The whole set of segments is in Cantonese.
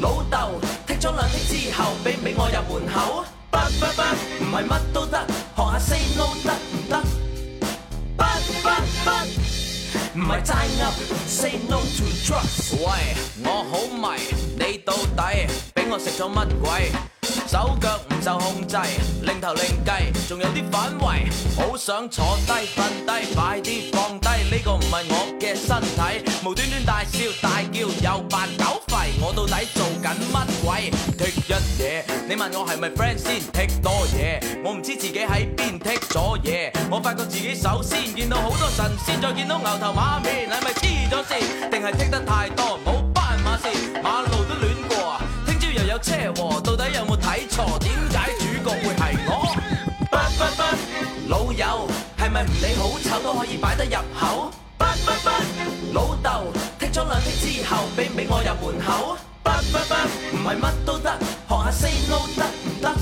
老豆 Estado 踢咗兩踢之後，俾唔俾我入門口？不不不，唔係乜都得，學下 say no 得唔得？不不不，唔係齋 up，say no to drugs。喂，語 ấy 我好迷，你到底俾我食咗乜鬼？手腳唔受控制，擰頭擰計，仲有啲反胃，好想坐低瞓低，快啲放低呢個唔係我嘅身體，無端端大笑大叫又扮狗吠，我到底做緊乜鬼？剔一嘢，你問我係咪 friend 先？剔多嘢，我唔知自己喺邊剔咗嘢，我發覺自己首先見到好多神仙，先再見到牛頭馬面，係咪黐咗線？定係剔得太多，冇好斑馬線，馬路都亂。又有車，到底有冇睇錯？點解主角會係我？But, but, but，老友係咪唔理好醜都可以擺得入口？But, but, but，老豆踢咗兩踢之後，俾唔俾我入門口？But, but, but，不 no, 行不不，唔係乜都得，學下 say no 得唔得？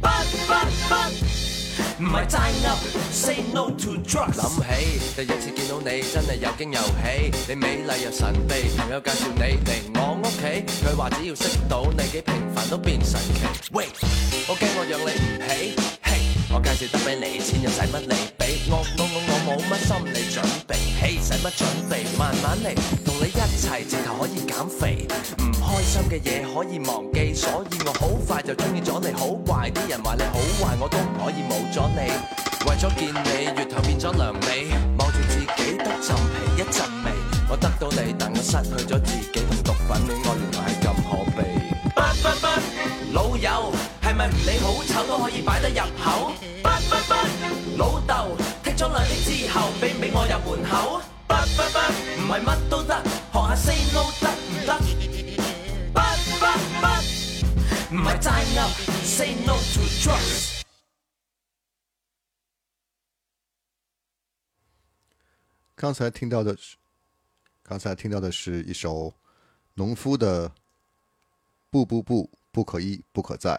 不不不。唔係齋 up，say no to drugs，諗起第一次見到你，真係又驚又喜。你美麗又神秘，朋友介紹你嚟我屋企，佢話只要識到你，幾平凡都變神奇。喂，我驚我養你唔起。Hey. 我介紹得俾你錢，錢又使乜你俾？我我我我冇乜心理準備，嘿，使乜準備？慢慢嚟，同你一齊，直頭可以減肥，唔開心嘅嘢可以忘記，所以我好快就中意咗你，好怪啲人話你好壞，我都唔可以冇咗你。為咗見你，月頭變咗娘味，望住自己得陣皮一陣味。我得到你，但我失去咗自己，同毒品戀愛原來係咁可悲。不不不，老友。你好，醜都可以擺得入口。老豆踢咗兩隻之後，俾唔俾我入門口？唔係乜都得，學下 say no 得唔得？唔係詐牛，say no to drugs。剛才聽到的，剛才聽到的是一首農夫的，不不不，不可一，不可再。